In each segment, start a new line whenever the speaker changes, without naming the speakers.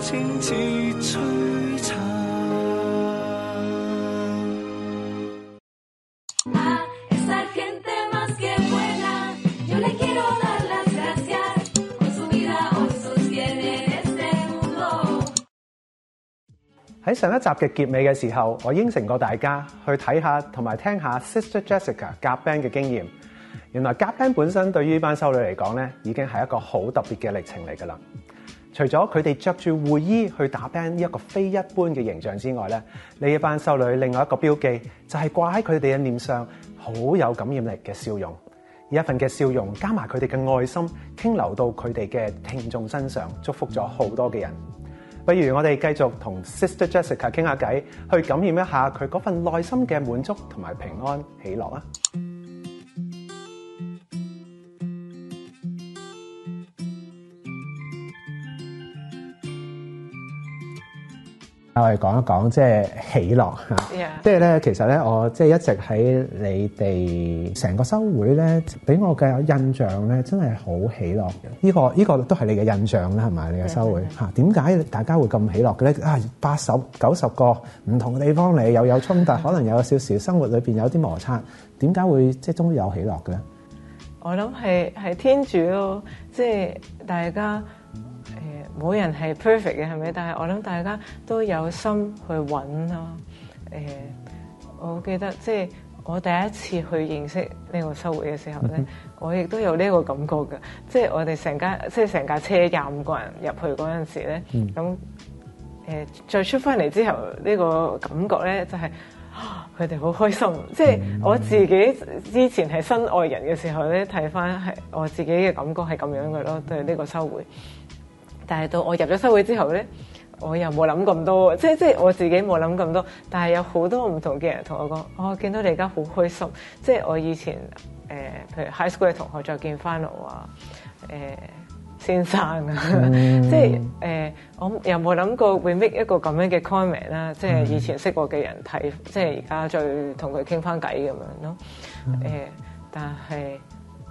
喺上一集嘅結尾嘅時候，我應承過大家去睇下同埋聽下 Sister Jessica 夾 band 嘅經驗。原來夾 band 本身對於班修女嚟講咧，已經係一個好特別嘅歷程嚟噶啦。除咗佢哋着住會衣去打 Band 呢一個非一般嘅形象之外咧，呢一班修女另外一個標記就係掛喺佢哋嘅臉上好有感染力嘅笑容，而一份嘅笑容加埋佢哋嘅愛心，傾流到佢哋嘅聽眾身上，祝福咗好多嘅人。不如我哋繼續同 Sister Jessica 傾下偈，去感染一下佢嗰份內心嘅滿足同埋平安喜樂啊！我哋講一講，即係喜樂吓。即係咧，其實咧，我即係一直喺你哋成個修會咧，俾我嘅印象咧，真係好喜樂嘅。呢、這個呢、這個都係你嘅印象啦，係咪？你嘅修會吓？點、yeah. 解大家會咁喜樂嘅咧？啊，八十九十個唔同嘅地方你，又有衝突，yeah. 可能有少少生活裏邊有啲摩擦，點解會即係終於有喜樂嘅咧？
我諗係係天主咯，即係大家。冇人係 perfect 嘅，係咪？但係我諗大家都有心去揾咯。誒、呃，我記得即係、就是、我第一次去認識呢個收會嘅時候咧， 我亦都有呢個感覺嘅。即、就、係、是、我哋成間即係成架車廿五個人入去嗰陣時咧，咁 誒、呃、再出翻嚟之後，呢、這個感覺咧就係佢哋好開心。即 係我自己之前係身外人嘅時候咧，睇翻係我自己嘅感覺係咁樣嘅咯，對呢個收會。但係到我入咗修會之後咧，我又冇諗咁多，即係即係我自己冇諗咁多。但係有好多唔同嘅人同我講，我、哦、見到你而家好開心。即係我以前誒、呃，譬如 high school 嘅同學再見翻我啊、呃，先生啊、嗯 呃，即係誒，我又冇諗過會 make 一個咁樣嘅 comment 啦。即係以前識過嘅人睇，即係而家再同佢傾翻偈咁樣咯。但係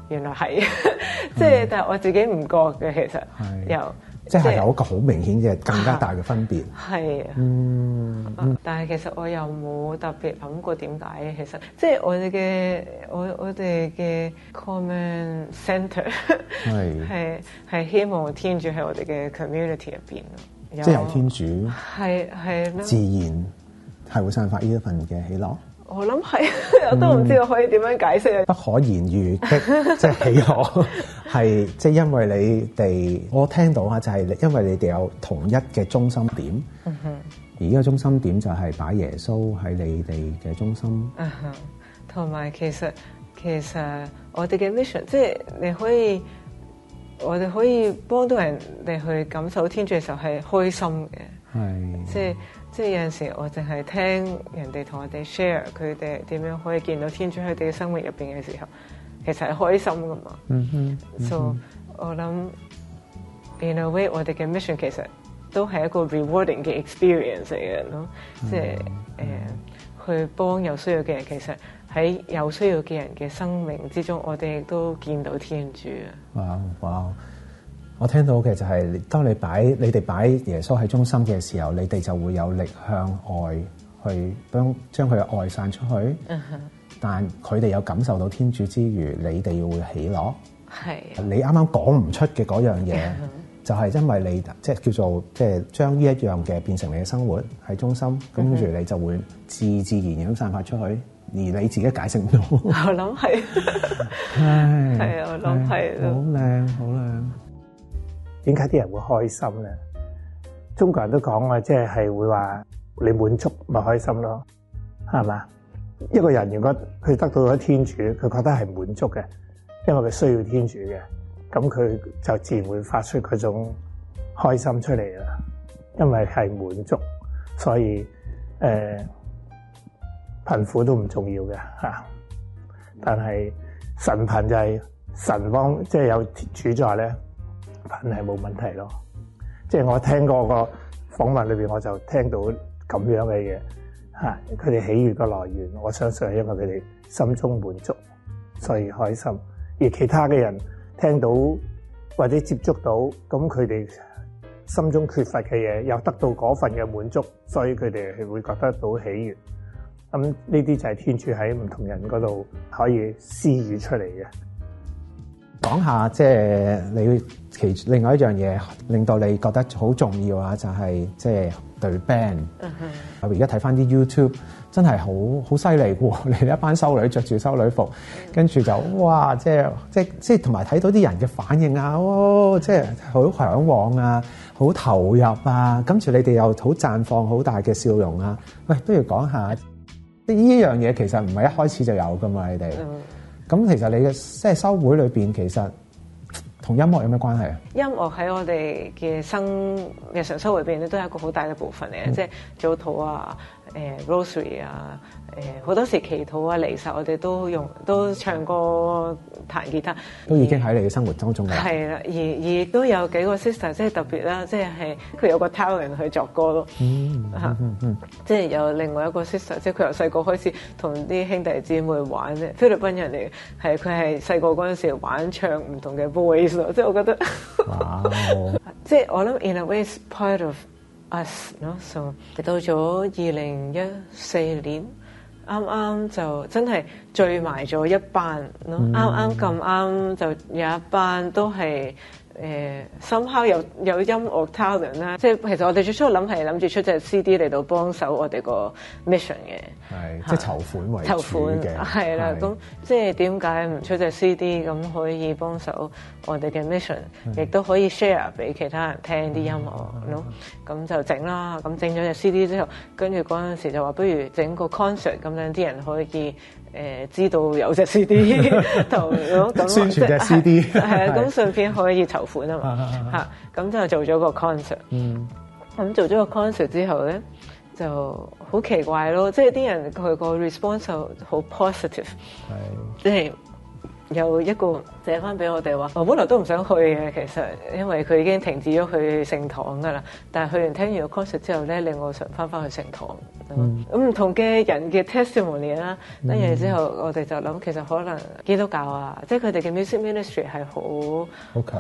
原來係，嗯、 即係但係我自己唔覺嘅，其實又。嗯
即係有一個好明顯嘅更加大嘅分別。係啊，啊，嗯，嗯，但
係其實我又冇特別諗過點解。其實即係我哋嘅我們的我哋嘅 common center 係係係 希望天主喺我哋嘅 community 入邊，即係由天主係係自
然係會散發呢一份嘅喜樂。
我諗係， 我都唔知道可以點樣解釋。嗯、不
可言喻即係喜樂，係即係因為你哋，我聽到下就係因為你哋有同一嘅中心點，嗯、
哼
而呢個中心點就係擺耶穌喺你哋嘅中心。
同、嗯、埋其實其實我哋嘅 mission，即係你可以，我哋可以幫到人哋去感受天主嘅時候係開心嘅，係即係。即係即係有陣時，我淨係聽人哋同我哋 share 佢哋點樣可以見到天主喺佢哋嘅生活入邊嘅時候，其實係開心噶嘛。Mm-hmm. Mm-hmm. So，我諗，in a way，我哋嘅 mission 其實都係一個 rewarding 嘅 experience 嚟嘅咯。即係誒，去幫有需要嘅人，其實喺有需要嘅人嘅生命之中，我哋亦都見到天主啊！
哇哇！我聽到嘅就係、是，當你擺你哋擺耶穌喺中心嘅時候，你哋就會有力向外去將佢嘅愛散出去。
嗯、
但佢哋有感受到天主之餘，你哋會起落。係、啊、你啱啱講唔出嘅嗰樣嘢、嗯，就係、是、因為你即係叫做即係將呢一樣嘅變成你嘅生活喺中心，跟、嗯、住你就會自自然然咁散發出去，而你自己解釋唔到。我諗係係係啊！我
諗係
好靚，好靚。 點解啲人會開心咧？中國人都講啊，即係會話你滿足咪開心咯，係嘛？一個人如果佢得到咗天主，佢覺得係滿足嘅，因為佢需要天主嘅，咁佢就自然會發出嗰種開心出嚟啦。因為係滿足，所以誒貧苦都唔重要嘅吓。但係神貧就係神方，即係有主在咧。品係冇問題咯，即係我聽過個訪問裏邊，我就聽到咁樣嘅嘢嚇。啊，佢哋喜悅嘅來源，我相信係因為佢哋心中滿足，所以開心。而其他嘅人聽到或者接觸到，咁佢哋心中缺乏嘅嘢，又得到嗰份嘅滿足，所以佢哋會覺得到喜悅。咁呢啲就係天主喺唔同人嗰度可以施予出嚟嘅。
講下即係、即係、你其另外一樣嘢，令到你覺得好重要啊，就係即係對 band。我而家睇翻啲 YouTube，真係好好犀利㗎。你哋一班修女著住修女服，跟住就哇！Uh-huh. 即係即即同埋睇到啲人嘅反應啊，即係好嚮往啊，好投入啊，跟住你哋又好綻放好大嘅笑容啊。喂、哎，不如講下即呢樣嘢，其實唔係一開始就有㗎嘛，你哋。Uh-huh. 咁其實你嘅即係收會裏面，其實同音樂有咩關係啊？
音樂喺我哋嘅生日常收會裏面，咧，都係一個好大嘅部分嚟嘅，嗯、即係早圖啊。誒 rosary 啊，誒好多時祈禱啊，嚟實我哋都用，都唱歌彈吉他，
都已經喺你嘅生活當中嘅。係
啦，而而亦都有幾個 sister，即係特別啦，即係佢有個 talent 去作歌咯，嗯嗯嗯啊。即係有另外一個 sister，即係佢由細個開始同啲兄弟姊妹玩啫。菲律賓人嚟，係佢係細個嗰陣時玩唱唔同嘅 boys 咯，即係我覺得，即係我諗 in a ways part of。啊 so 到咗二零一四年，啱啱就真係聚埋咗一班咯，啱啱咁啱就有一班都係。誒、uh，somehow 有音樂有音樂 talent 啦，即係其實我哋最初諗係諗住出隻 CD 嚟到幫手我哋個 mission 嘅，即
係籌款為主籌款嘅，係啦。咁
即係點解唔出隻 CD 咁可以幫手我哋嘅 mission，亦、嗯、都可以 share 俾其他人聽啲音樂咯。咁、嗯嗯、就整啦，咁整咗隻 CD 之後，跟住嗰陣時就話不如整個 concert，咁樣，啲人可以。誒知道有隻 CD，同咁宣傳嘅 CD，
係啊，咁順
便可以籌款啊嘛，嚇，咁就做咗個 concert。嗯，咁做咗個 concert 之後咧，就好奇怪咯，即係啲人佢個 response 好 positive，係，即係。有一個借翻俾我哋話，我本來都唔想去嘅，其實因為佢已經停止咗去聖堂噶啦。但係去完聽完個 course 之後咧，令我想翻翻去聖堂。咁、嗯、唔、嗯、同嘅人嘅 testimony 啦、啊，跟、嗯、住之後我哋就諗，其實可能基督教啊，即係佢哋嘅 music ministry 係好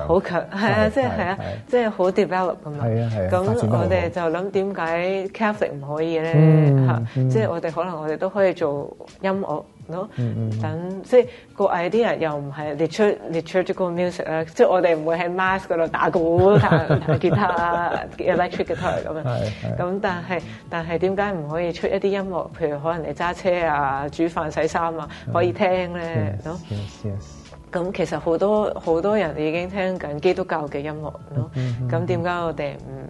好強，強啊，即係啊，即係好 develop 噶係，咁我哋就諗點解 Catholic 唔可以咧、嗯啊嗯？即係我哋可能我哋都可以做音樂。咯 you know?、mm, mm, mm. so, litur，等即係個 idea 呢又唔係 litur- liturgical music 啦，即係我哋唔會喺 mask 嗰度打鼓彈吉他 electric guitar 咁樣，咁但係但係點解唔可以出一啲音樂？譬如可能你揸車啊、煮飯洗衫啊，可以聽咧，咯。咁其實好多好多人已經聽緊基督教嘅音樂咯，咁點解我哋唔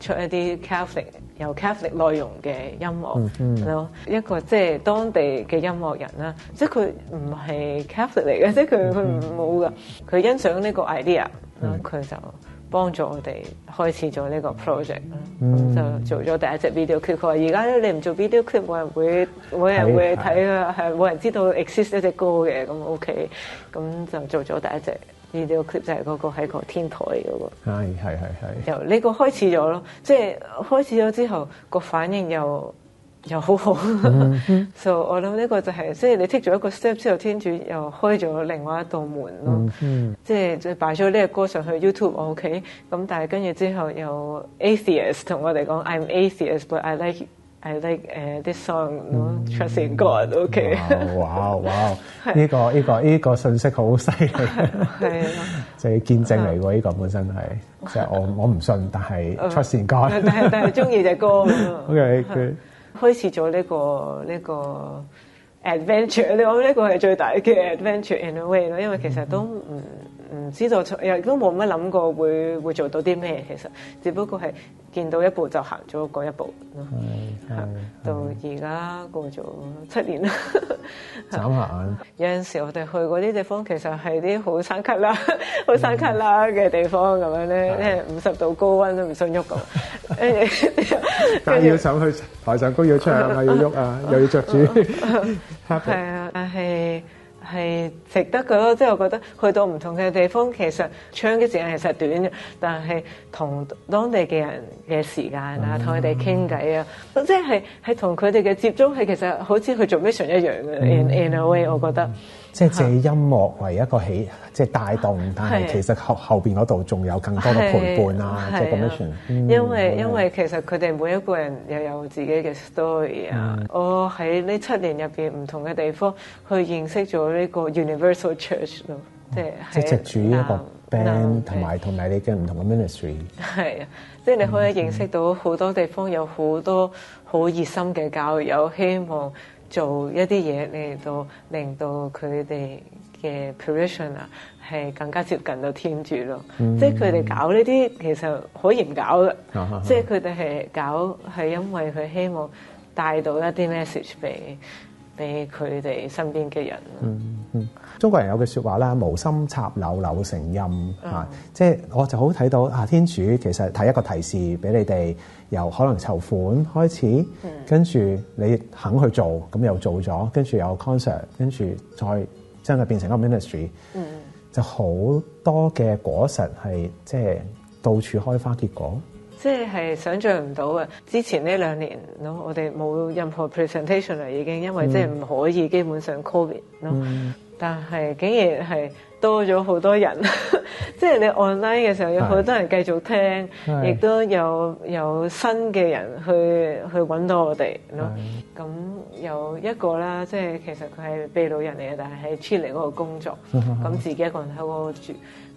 出一啲 Catholic 有 Catholic 內容嘅音樂咯、嗯嗯？一個即係當地嘅音樂人啦，即係佢唔係 Catholic 嚟嘅，即係佢佢冇噶，佢、嗯、欣賞呢個 idea，咁佢、嗯、就。幫助我哋開始咗呢個 project 咁，嗯、就做咗第一隻 video clip。而家咧你唔做 video clip，冇人會，冇人會睇㗎，係冇人知道 exist 呢隻歌嘅。咁 OK，咁就做咗第一隻 video clip，就係嗰個喺個天台嗰，那個。係係
係。
就呢個開始咗咯，即係開始咗之後個反應又。又好好，so 我諗呢個就係，即係你 take 咗一個 step 之後，天主又開咗另外一道門咯。即係再擺咗呢個歌上去 YouTube，OK。咁但係跟住之後有 atheist 同我哋講，I'm atheist but I like I like 誒 this song，Trust in God，OK。
哇哇，呢個呢個呢個信息好犀利，係啊，即係見證嚟嘅呢個本身係。即係我我唔信，但係 Trust in God，但係但係中
意隻歌，OK。開始咗呢個呢個 adventure，你，我諗呢個係最大嘅 adventure in a way 咯？因為其實都唔唔知道出，亦都冇乜諗過會會做到啲咩。其實，只不過係。見到一步就行咗嗰一步咯，係到而家過咗七年啦。走下，有陣時候我哋去嗰啲地、地方，其實係啲好山旮旯，好山旮旯嘅地方咁樣咧，即係五十度高溫都唔想喐噶，跟住
夾要走去台上高要出 要動啊， 又要喐穿 啊，又要着住。
係啊，但係。係值得嘅咯，即係我覺得去到唔同嘅地方，其實唱嘅時間其實短嘅，但係同當地嘅人嘅時間啊，同佢哋傾偈啊，即係係同佢哋嘅接觸係其實好似去做 mission 一樣嘅、mm -hmm.，in in a way，我覺得。
即係借音樂為一個起，即係帶動，但係其實後後邊嗰度仲有更多嘅陪伴啊，即 mission，因為、嗯、
因為其實佢哋每一個人又有自己嘅 story 啊、嗯。我喺呢七年入面唔同嘅地方去認識咗呢個 Universal Church 咯，即
係即係藉住一個 band、嗯、同埋同埋你嘅唔同嘅 ministry。
係啊，即係你可以認識到好多地方有好多好熱心嘅教友，希望。做一啲嘢嚟到令到佢哋嘅 parishioner 啊，係係更加接近到天主咯、嗯，即係佢哋搞呢啲其實可以唔搞嘅、哦，即係佢哋係搞係因為佢希望帶到一啲 message 俾。俾佢哋身邊嘅人。
嗯嗯，中國人有句說話啦，無心插柳柳成蔭啊，即係我就好睇到、啊，天主其實提一個提示俾你哋，由可能籌款開始，嗯、跟住你肯去做，咁又做咗，跟住有 concert，跟住再真係變成一個 ministry，、嗯、就好多嘅果實係即係到處開花結果。
即係想象唔到啊。之前呢兩年咯，我哋冇任何 presentation 嚟，已經因為即係唔可以基本上 covid 咯、嗯。但係竟然係多咗好多人， 即係你 online 嘅時候，有好多人繼續聽，亦都有有新嘅人去去揾到我哋咯。咁、嗯、有一個啦，即係其實佢係秘魯人嚟嘅，但係喺 Chile 嗰度工作，咁、嗯嗯、自己一個人喺嗰度住。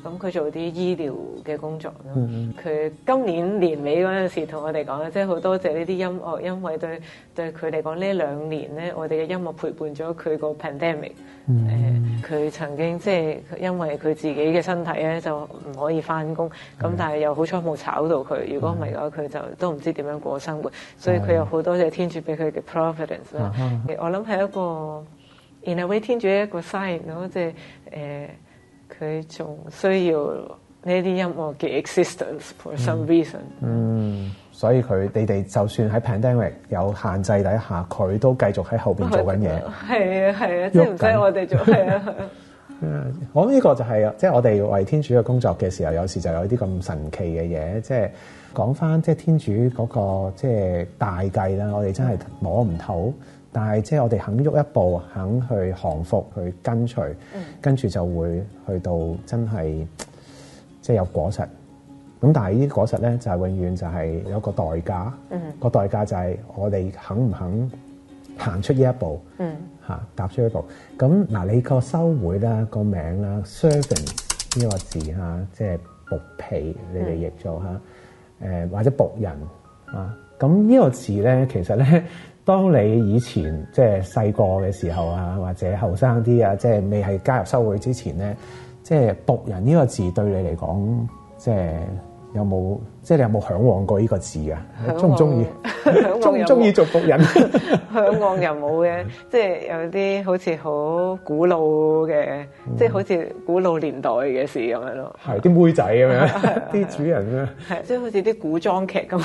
咁佢做啲醫療嘅工作，佢、mm -hmm. 今年年尾嗰陣時同我哋講，即係好多謝呢啲音樂，因為對對佢嚟講呢兩年咧，我哋嘅音樂陪伴咗佢個 pandemic。佢、mm -hmm. 呃、曾經即係、就是、因為佢自己嘅身體咧就唔可以翻工，咁、mm -hmm. 但係又好彩冇炒到佢。如果唔係嘅話，佢就都唔知點樣過生活。Mm -hmm. 所以佢有好多謝天主俾佢嘅 providence 啦、mm -hmm.。我諗係一個原來會天主一個 sign 咯、就是，即、呃、係佢仲需要呢啲音樂嘅 existence、嗯、for some
reason。嗯，所以佢你哋就算喺 pandemic 有限制底下，佢都繼續喺後邊做緊嘢。
係啊係啊，即唔使我哋做。係啊係
啊， 我諗呢個就係即係我哋為天主嘅工作嘅時候，有時就有啲咁神奇嘅嘢。即係講翻即係天主嗰、那個即係、就是、大計啦，我哋真係摸唔透。嗯但係即係我哋肯喐一步，肯去降服，去跟隨，跟、嗯、住就會去到真係即係有果實。咁但係呢啲果實咧，遠就係永遠就係有一個代價。個、嗯、代價就係我哋肯唔肯行出呢一步，嚇、嗯、踏出呢一步。咁嗱，你個修會啦，個名啦，Servant 呢個字嚇，即係「僕婢」，你哋譯咗嚇，誒、嗯、或者僕人啊。咁呢個字咧，其實咧。當你以前即係細個嘅時候啊，或者後生啲啊，即係未係加入修會之前咧，即係僕人呢個字對你嚟講，即係。有冇即係你有冇嚮往過呢個字啊？中唔中意？
中唔中意做僕人？嚮往又冇嘅，即 係有啲好似好古老嘅，即、嗯、係好似古老年代嘅事咁樣咯。
係、嗯、啲 妹仔咁樣，啲主人咁樣，
即係好似啲古裝劇咁。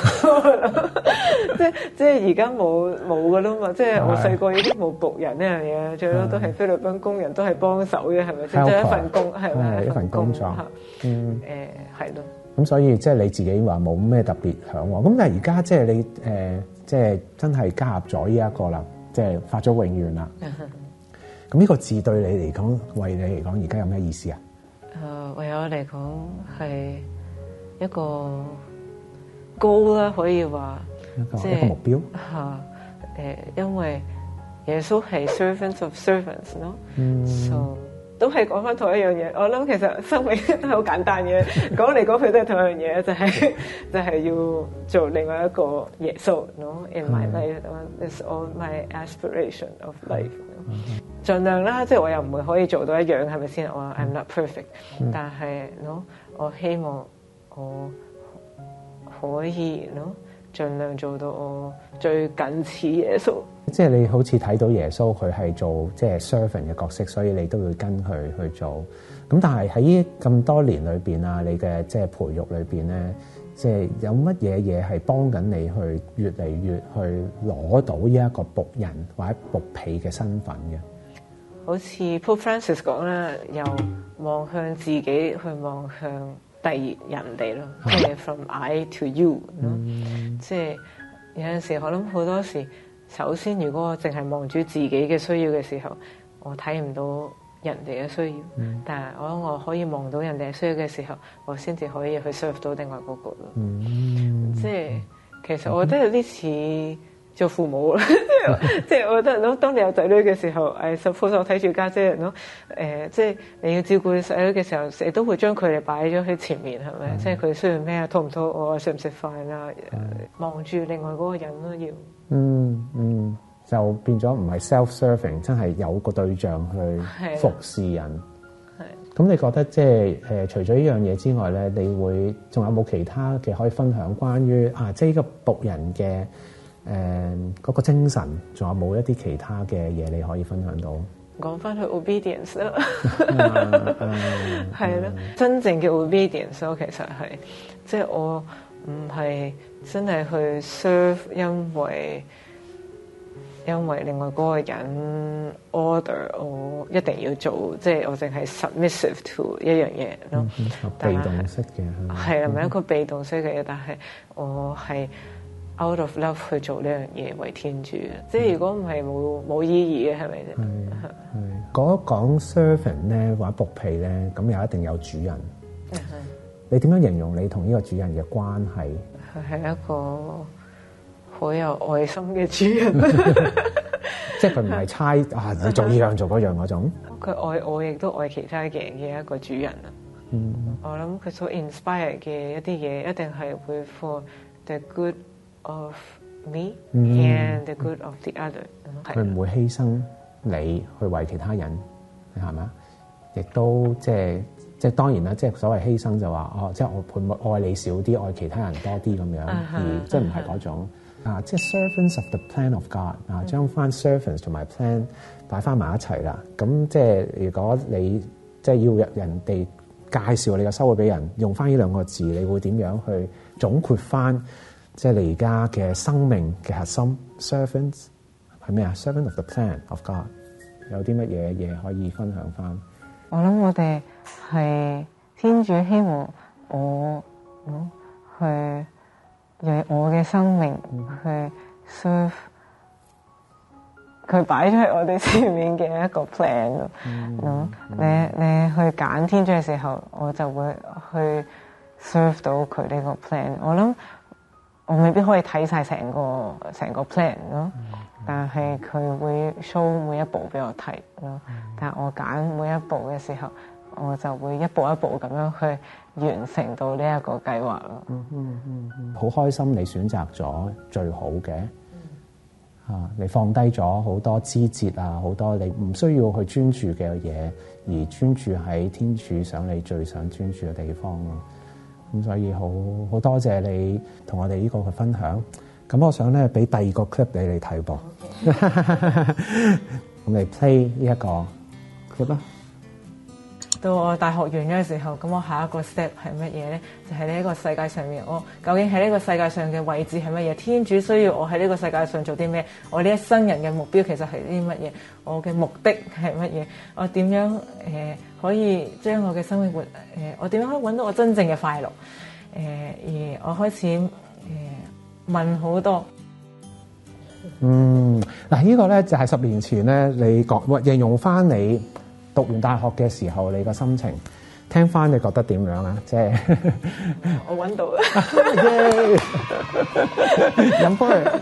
即係即係而家冇冇噶啦嘛？即、就、係、是、我細個已經冇僕人呢樣嘢，最多都係菲律賓工人，啊、都係幫手嘅，係、啊、咪？即係一份工，係咪、啊啊啊啊啊？一份工作。是啊、嗯、是、啊。誒，係咯。
咁、嗯、所以即係你自己話冇咩特別向往，咁但係而家即係你誒，即係、呃、真係加入咗呢一個啦，即係發咗永遠啦。咁 呢個字對你嚟講，為你嚟講，而家有咩意思啊？誒、呃，
為我嚟講係一個高啦，可以話即係一個目標吓。誒，因為耶穌係 servants of servants 咯、嗯，so。都係講翻同一樣嘢，我諗其實生命都好簡單嘅，講嚟講去都係同一樣嘢，就係就係要做另外一個嘢，so no in my life is all my aspiration of life。儘量啦，即係我又唔會可以做到一樣，係咪先？我 I'm not perfect，但係 no，我希望我可以 no，盡量做到我最近似耶穌，
即係你好似睇到耶穌佢係做即係 servant 嘅角色，所以你都要跟佢去做。咁但係喺咁多年裏邊啊，你嘅即係培育裏邊咧，即係有乜嘢嘢係幫緊你去越嚟越去攞到呢一個僕人或者僕婢嘅身份嘅？
好似 Pope Francis 講咧，又望向自己，去望向。第二人哋咯，即、okay. 係 from I to you 咯、mm -hmm.，即係有陣時我諗好多時，首先如果我淨係望住自己嘅需要嘅時候，我睇唔到人哋嘅需要，但係我諗我可以望到人哋嘅需要嘅時候，我先至、mm -hmm. 可，可以去 serve 到另外嗰個咯，mm -hmm. 即係其實我覺得有啲似。Mm -hmm. 做父母即即， 是說 我覺得當當你有仔女嘅時候，誒，I suppose 睇住家姐人咯。誒、就是，即係你要照顧你仔女嘅時候，成日都會將佢哋擺咗喺前面，係咪？即係佢需要咩啊？肚唔肚餓唔餓啊？食唔食飯啊？望 住另外嗰個人咯，要嗯嗯，
就變咗唔係 self-serving，真係有個對象去服侍人。
係
咁、啊，啊、那你覺得即係誒？除咗呢樣嘢之外咧，你會仲有冇其他嘅可以分享？關於啊，即、就、係、是、呢個僕人嘅。誒、um, 嗰個精神，仲有冇一啲其他嘅嘢你可以分享到？
講翻去 obedience 咯，係咯， yes, 真正嘅 obedience 咯。其實係即係我唔係真係去 serve，是因為因為另外嗰個人 order 我一定要做，即係我淨係 submissive to 一樣嘢咯，被動式嘅係咪一個被動式嘅嘢？但係我係，Out of love 去做呢樣嘢為天主，即係如果唔係冇冇意義嘅，係咪先？係講
一講 servant 咧，或者僕婢咧，咁又一定有主人。你點樣形容你同呢個主人嘅關係？
佢係一個好有愛心嘅主人，
即係佢唔係猜 啊，你做呢樣做嗰樣嗰種。
佢愛我，亦都愛其他嘅人嘅一個主人啦。嗯、mm
-hmm.，
我諗佢所 inspire 嘅一啲嘢，一定係會 for the good。of me and the good
of the other，佢唔會犧牲你去為其他人，係咪啊？亦都即係即係當然啦，即係所謂犧牲就話哦，即係我愛你少啲，愛其他人多啲咁樣，uh -huh, 而真唔係嗰種、uh -huh. 啊。即係 servants of the plan of God 啊，將翻 servants 同埋 plan 擺翻埋一齊啦。咁即係如果你即係要人哋介紹你嘅修會俾人，用翻呢兩個字，你會點樣去總括翻？即係你而家嘅生命嘅核心，servants 係咩啊？servant of the plan of God 有啲乜嘢嘢可以分享返？
我諗我哋係天主希望我，嗯、去用我嘅生命去 serve 佢擺咗喺我哋前面嘅一個 plan、嗯嗯、你你去揀天主嘅時候，我就會去 serve 到佢呢個 plan。我諗。我未必可以睇晒成個成個 plan 咯、嗯嗯，但係佢會 show 每一步俾我睇咯、嗯。但係我揀每一步嘅時候，我就會一步一步咁樣去完成到呢一個計劃咯。嗯嗯嗯，好、嗯
嗯、開心你選擇咗最好嘅吓、嗯，你放低咗好多枝節啊，好多你唔需要去專注嘅嘢，而專注喺天主想你最想專注嘅地方咯。咁所以好好多謝你同我哋呢個嘅分享。咁我想咧俾第二個 clip 俾你睇噃，我哋 play 呢一個 clip 啦。
到我大學完咗嘅時候，咁我下一個 step 係乜嘢咧？就係呢一個世界上面，我究竟喺呢個世界上嘅位置係乜嘢？天主需要我喺呢個世界上做啲咩？我呢一生人嘅目標其實係啲乜嘢？我嘅目的係乜嘢？我點樣誒、呃、可以將我嘅生活活誒、呃？我點樣可以搵到我真正嘅快樂誒、呃？而我開始誒、呃、問好多。嗯，
嗱、這、呢個咧就係十年前咧，你講運用翻你。讀完大學嘅時候，你個心情，聽翻你覺得點樣啊？即係
我搵到，飲翻嚟，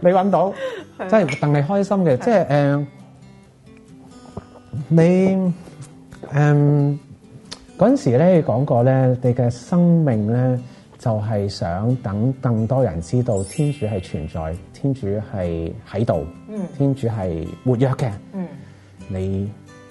你搵到，即係戥你開心嘅，即係誒，你誒嗰陣時咧講過咧，你嘅生命咧就係想等更多人知道天主係存在，天主係喺度，嗯，天主係活躍嘅，嗯，你。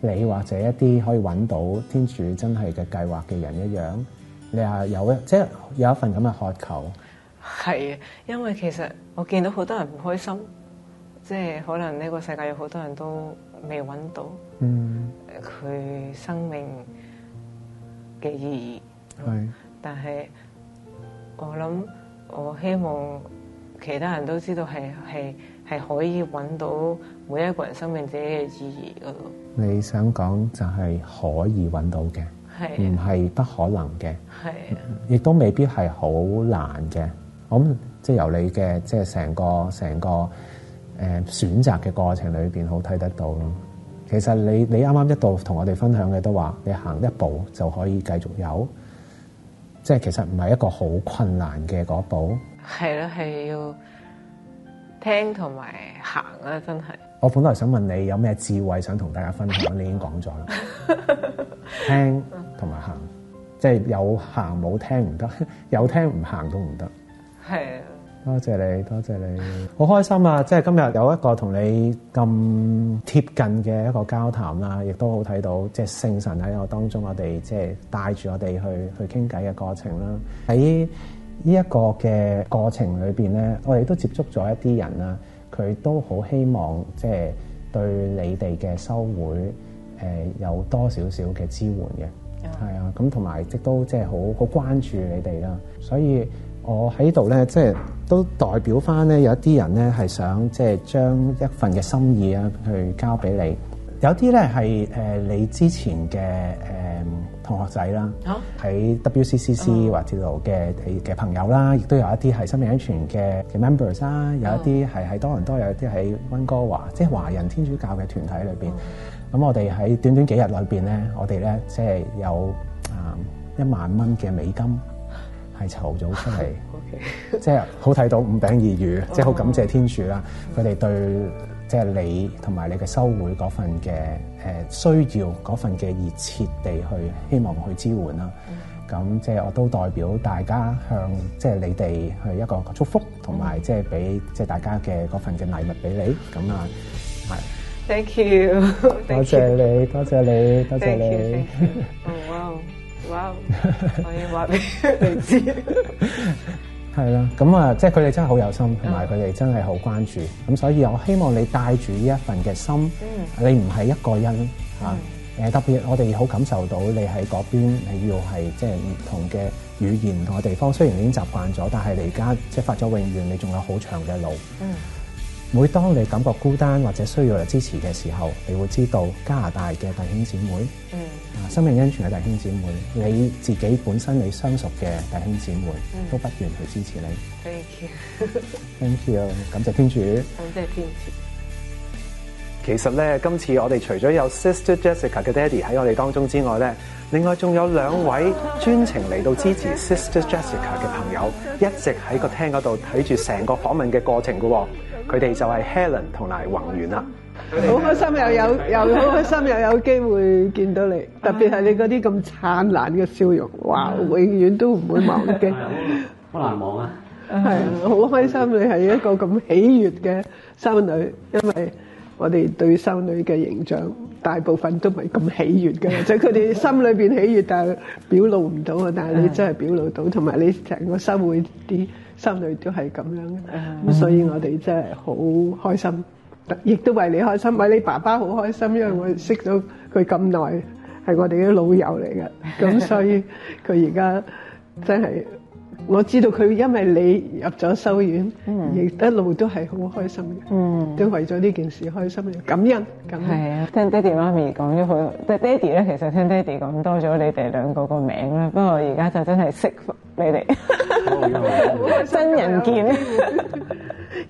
你或者一啲可以揾到天主真係嘅計劃嘅人一樣，你話有一即係有一份咁嘅渴求。
係啊，因為其實我見到好多人唔開心，即係可能呢個世界有好多人都未揾到嗯，佢生命嘅意義，係，但係我諗我希望其他人都知道係，係，係可以揾到。每一個人生命自己
嘅意義嗰度，你想講就係可以揾到嘅，唔係不，不可能嘅，亦都未必係好難嘅。咁即係由你嘅即係成個成個誒、呃、選擇嘅過程裏邊，好睇得到咯。其實你你啱啱一度同我哋分享嘅都話，你行一步就可以繼續有，即、就、係、是、其實唔係一個好困難嘅嗰步。
係咯，係要聽同埋。行咧、啊，真
係。我本來想問你有咩智慧想同大家分享，你已經講咗啦。 聽同埋行，即係有行冇聽唔得，有聽唔行都唔得。係 啊，多謝你，多謝你，好開心啊！即係今日有一個同你咁貼近嘅一個交談啦，亦都好睇到，即係聖神喺我當中，我哋即係帶住我哋去去傾偈嘅過程啦。喺呢一個嘅過程裏邊咧，我哋都接觸咗一啲人啦。佢都好希望，即係對你哋嘅收會，誒有多少少嘅支援嘅，係，嗯，啊，咁同埋亦都即係好好關注你哋啦。所以我喺度咧，即係都代表翻咧，有一啲人咧係想即係將一份嘅心意啊，去交俾你。有啲咧係誒你之前嘅誒。呃同學仔啦，喺、啊、WCCC 或者類嘅嘅朋友啦，亦、嗯、都有一啲係生命安全嘅嘅 members 啦、嗯，有一啲係喺多倫多，有一啲喺溫哥華，即、就、係、是、華人天主教嘅團體裏邊。咁、嗯、我哋喺短短幾日裏邊咧，我哋咧即係有啊、嗯、一萬蚊嘅美金係籌咗出嚟，即係好睇到五餅二魚，即係好感謝天主啦、嗯，佢哋對即係你同埋你嘅收會嗰份嘅。誒需要嗰份嘅熱切地去希望去支援啦，咁、mm -hmm. 即係我都代表大家向即係你哋去一個祝福，同、mm、埋 -hmm. 即係俾即係大家嘅嗰份嘅禮物俾你，咁啊，係
，thank you，thank
多謝你，多 謝，謝你，多 謝，謝你，
哇 謝你，哇 ，oh, wow. wow. 我要話俾你知。
係啦，咁啊，即係佢哋真係好有心，同埋佢哋真係好關注。咁所以我希望你帶住呢一份嘅心，嗯、你唔係一個人啊。誒、嗯，特別我哋好感受到你喺嗰邊，你要係即係唔同嘅語言唔同嘅地方。雖然已經習慣咗，但係你而家即係發咗永遠，你仲有好長嘅路。嗯每當你感覺孤單或者需要嘅支持嘅時候，你會知道加拿大嘅弟兄姊妹，嗯，生命恩泉嘅弟兄姊妹，你自己本身你相熟嘅弟兄姊妹，嗯、都不斷去支持你。Thank you，Thank you，感謝天主。感謝天主。其實咧，今次我哋除咗有 Sister Jessica 嘅 Daddy 喺我哋當中之外咧，另外仲有兩位專程嚟到支持 Sister Jessica 嘅朋友， 一直喺個廳嗰度睇住成個訪問嘅過程㗎喎、哦。佢哋就係 Helen 同埋宏源啦，好開心又有又好開心
又有機會見到你，特別係你嗰啲咁燦爛嘅笑容，哇！永遠都唔會忘記，
好難忘
啊！係啊，好開心你係一個咁喜悅嘅修女，因為我哋對修女嘅形象。大部分都唔係咁喜悅嘅，即係佢哋心裏邊喜悅，但係表露唔到啊！但係你真係表露到，同埋你成個心會啲心裏都係咁樣嘅。咁所以我哋真係好開心，亦都為你開心，為你爸爸好開心，因為我識到佢咁耐，係我哋啲老友嚟嘅。咁所以佢而家真係。我知道佢因為你入咗修院，亦一路都係好開心嘅，
都為咗呢件事開心嘅感恩。係啊，聽爹哋媽咪講咗好多，即係爹哋咧，其實聽爹哋講多咗你哋兩個個名啦。不過而家就真係識翻你哋，新人見。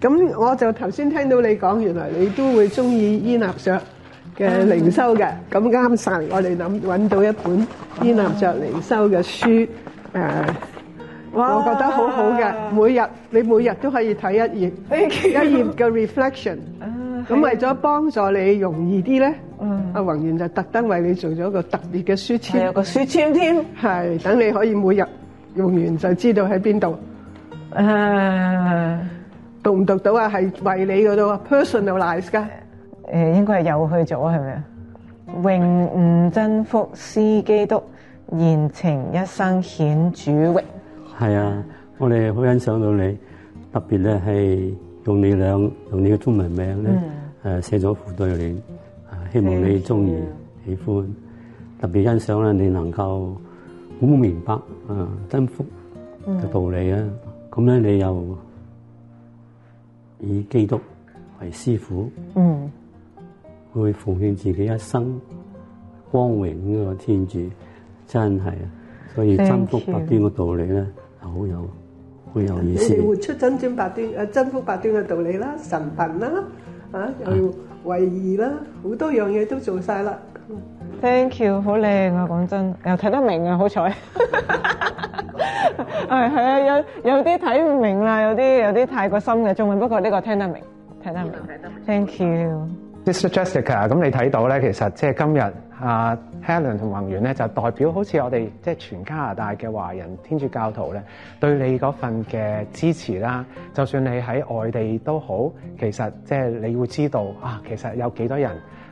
咁
我就頭先聽到你講，原來你都會中意伊納爵嘅靈修嘅。咁啱晒，我哋諗揾到一本伊納爵靈修嘅書，誒。我覺得好好嘅、啊，每日你每日都可以睇一頁一頁嘅 reflection。咁、啊、為咗幫助你容易啲咧，阿、啊啊啊、宏源就特登為你做咗個特別嘅書籤、啊，有個書籤添，係等你可以每日用完就知道喺邊度。誒、啊，讀唔讀到啊？係為你嗰度 personalize 噶。
誒、呃，應該係有去咗係咪啊？永悟真福思基督，言情一生顯主榮。係啊，我哋好欣賞到你。特別咧係用你兩用你嘅中文名咧，誒寫咗副對聯，希望你中意喜歡。特別欣賞咧，你能夠好明白啊，真福嘅道理啊。咁咧，你又以基督為師傅，
嗯，
去奉獻自己一生光榮呢個天主，真係啊。所
以真福八端
嘅道理咧。謝謝好有，好有意思。你活出真福八端，啊真福八端嘅道理啦，神品啦，啊又要為義啦，好多樣嘢都做晒啦。
Thank you，好靚啊，講真又睇得明啊，好彩。啊係啊，有有啲睇唔明啦，有啲有啲太過深嘅中文，不過呢個聽得明，睇得明。Thank you，Miss
Jessica，咁你睇到咧，其實即係今日啊。Alan 同宏源咧，就代表好似我哋即係全加拿大嘅華人天主教徒咧，對你嗰份嘅支持啦，就算你喺外地都好，其實即係你會知道啊，其實有幾多人。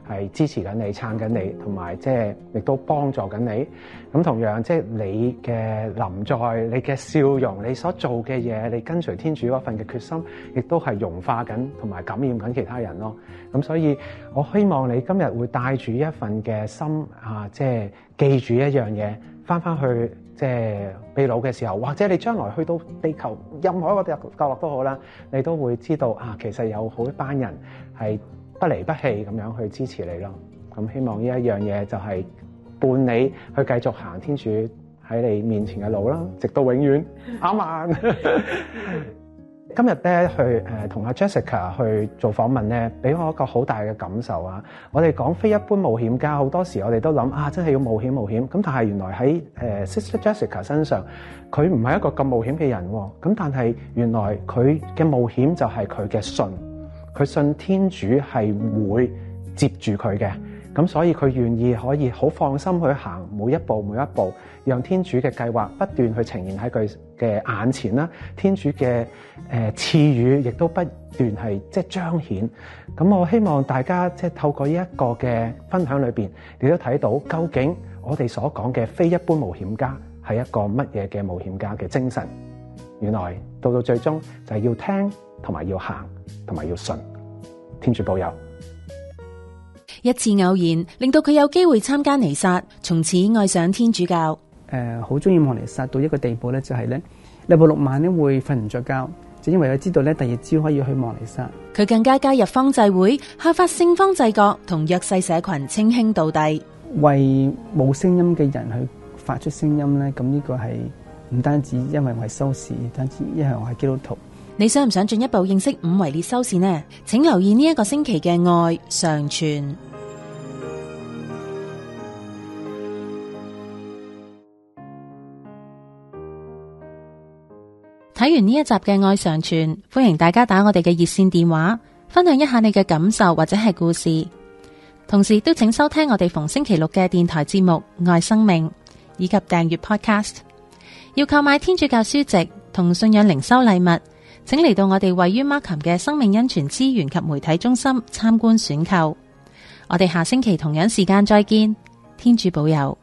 係支持緊你撐緊你，同埋即係亦都幫助緊你。咁同樣即係你嘅臨在，你嘅笑容，你所做嘅嘢，你跟隨天主嗰份嘅決心，亦都係融化緊同埋感染緊其他人咯。咁所以我希望你今日會帶住一份嘅心啊，即係記住一樣嘢，返返去即係秘魯嘅時候，或者你將來去到地球任何一個角落都好啦，你都會知道啊，其實有好一班人係。不離不棄咁樣去支持你咯，咁希望呢一樣嘢就係伴你去繼續行天主喺你面前嘅路啦，直到永遠。啱唔啱？今日咧去誒同阿 Jessica 去做訪問咧，俾我一個好大嘅感受啊！我哋講非一般冒險家，好多時我哋都諗啊，真係要冒險冒險咁，但係原來喺誒 Sister Jessica 身上，佢唔係一個咁冒險嘅人，咁但係原來佢嘅冒險就係佢嘅信。佢信天主係會接住佢嘅，咁所以佢願意可以好放心去行每一步每一步，讓天主嘅計劃不斷去呈現喺佢嘅眼前啦。天主嘅誒賜予亦都不斷係即係彰顯。咁我希望大家即係、就是、透過呢一個嘅分享裏邊，你都睇到究竟我哋所講嘅非一般冒險家係一個乜嘢嘅冒險家嘅精神。原來到到最終就係、是、要聽同埋要行。同埋要信天主保佑。
一次偶然令到佢有機會參加彌撒，從此愛上天主教。誒、呃，好中意望彌撒到一個地步咧，就是，就係咧禮拜六晚咧會瞓唔着覺，就因為佢知道咧第二朝可以去望彌撒。佢更加加入方濟會，效法聖方濟各，同弱勢社群稱兄道弟，為冇聲音嘅人去發出聲音咧。咁呢個係唔單止因為我係修士，單止因為我係基督徒。你想唔想進一步認識五維列修線呢？請留意呢一個星期嘅愛常傳。睇完呢一集嘅愛常傳，歡迎大家打我哋嘅熱線電話，分享一下你嘅感受或者係故事。同時都請收聽我哋逢星期六嘅電台節目《愛生命》，以及訂閱 Podcast。要購買天主教書籍同信仰靈修禮物，請嚟到我哋位於 Markham 嘅生命恩泉資源及媒體中心參觀選購，我哋下星期同樣時間再見，天主保佑。